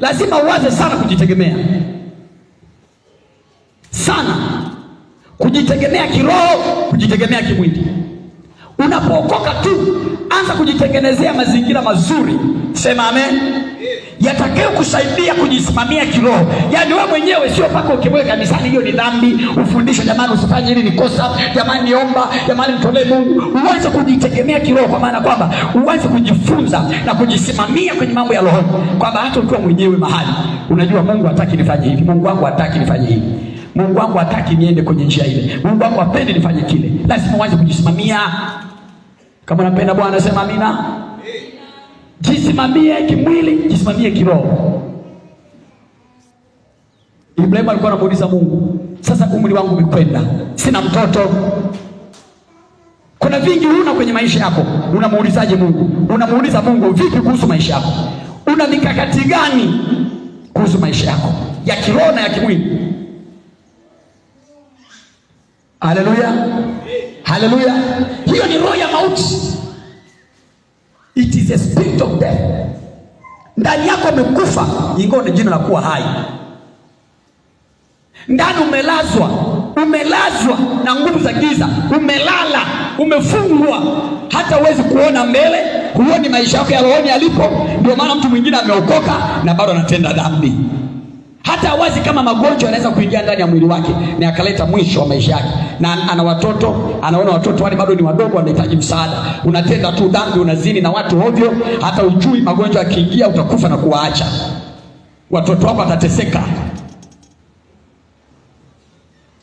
lazima uwaze sana kujitegemea sana, kujitegemea kiroho, kujitegemea kimwili. Unapookoka tu anza kujitengenezea mazingira mazuri, sema amen, yatakayo kusaidia kujisimamia kiroho. Yaani wewe mwenyewe sio mpaka ukimweka kanisani, hiyo ni dhambi, ufundishe jamani, usifanye hili ni kosa, jamani niomba, jamani mtolee Mungu. Uanze kujitegemea kiroho, kwa maana kwamba uanze kuji kujifunza na kujisimamia kwenye mambo ya roho, kwamba hata ukiwa mwenyewe mahali unajua, Mungu hataki nifanye hivi, Mungu wangu hataki nifanye hivi, Mungu wangu hataki niende kwenye njia ile, Mungu wangu apende nifanye kile. Lazima uanze kujisimamia. Kama unapenda Bwana sema amina. Jisimamie kimwili, jisimamie kiroho. Ibrahimu alikuwa anamuuliza Mungu, sasa umri wangu umekwenda, sina mtoto Vita vingi huna kwenye maisha yako, unamuulizaje Mungu? Unamuuliza Mungu vipi kuhusu maisha yako? Una mikakati gani kuhusu maisha yako ya kiroho na ya kimwili? Haleluya, haleluya! Hiyo ni roho ya mauti, it is a spirit of death. Ndani yako umekufa, ingawa ni jina la kuwa hai. Ndani umelazwa, umelazwa na nguvu za giza, umelala umefungwa, hata huwezi kuona mbele, huoni maisha yako ya rohoni yalipo. Ndio maana mtu mwingine ameokoka na bado anatenda dhambi, hata awazi kama magonjwa yanaweza kuingia ndani ya mwili wake na akaleta mwisho wa maisha yake, na ana watoto, anaona watoto wale bado ni wadogo, wanahitaji msaada. Unatenda tu dhambi, unazini na watu ovyo, hata ujui magonjwa yakiingia utakufa na kuwaacha watoto wako watateseka.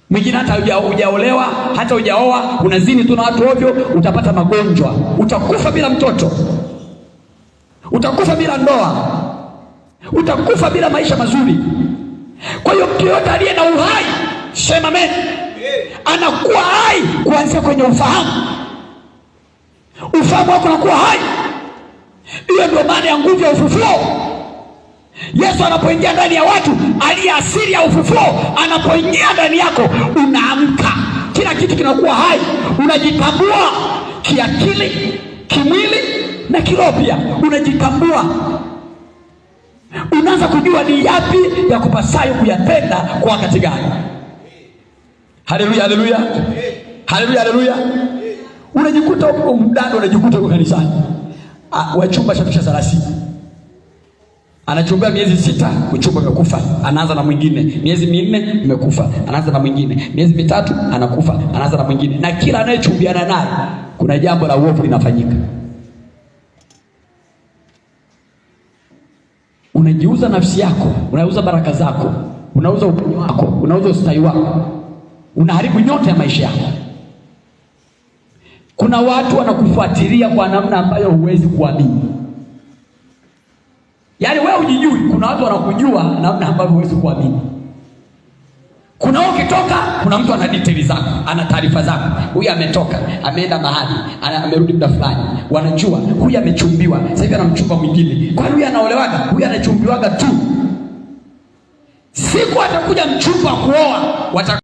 Mwingine hata hujaolewa hata hujaoa, unazini tu na watu ovyo, utapata magonjwa, utakufa bila mtoto, utakufa bila ndoa, utakufa bila maisha mazuri. Kwa hiyo mtu yoyote aliye na uhai, sema amen, anakuwa hai kuanzia kwenye ufahamu. Ufahamu wako unakuwa hai, hiyo ndio maana ya nguvu ya ufufuo. Yesu anapoingia ndani ya watu, aliye asili ya ufufuo anapoingia ndani yako, unaamka, kila kitu kinakuwa hai, unajitambua kiakili, kimwili na kiroho pia unajitambua. Unaanza kujua ni yapi ya kupasayo kuyatenda kwa wakati gani. Haleluya, haleluya, haleluya, haleluya! Unajikuta uko unajikuta uko kanisani, ah, wachumba shapisha thelathini anachumbia miezi sita, uchumba umekufa, anaanza na mwingine. Miezi minne umekufa, anaanza na mwingine. Miezi mitatu anakufa, anaanza na mwingine, na kila anayechumbiana naye kuna jambo la uovu linafanyika. Unajiuza nafsi yako, unauza baraka zako, unauza upenyo wako, unauza ustawi wako, unaharibu nyote ya maisha yako. Kuna watu wanakufuatilia kwa namna ambayo huwezi kuamini hawakujui. Kuna watu wanakujua namna ambavyo huwezi kuamini. Kuna ukitoka, kuna mtu ana detail zako, ana taarifa zako. Huyu ametoka, ameenda mahali, amerudi muda fulani, wanajua huyu amechumbiwa, sasa hivi anamchumba mwingine. Kwani huyu anaolewaga? Huyu anachumbiwaga tu. Siku atakuja mchumba kuoa wata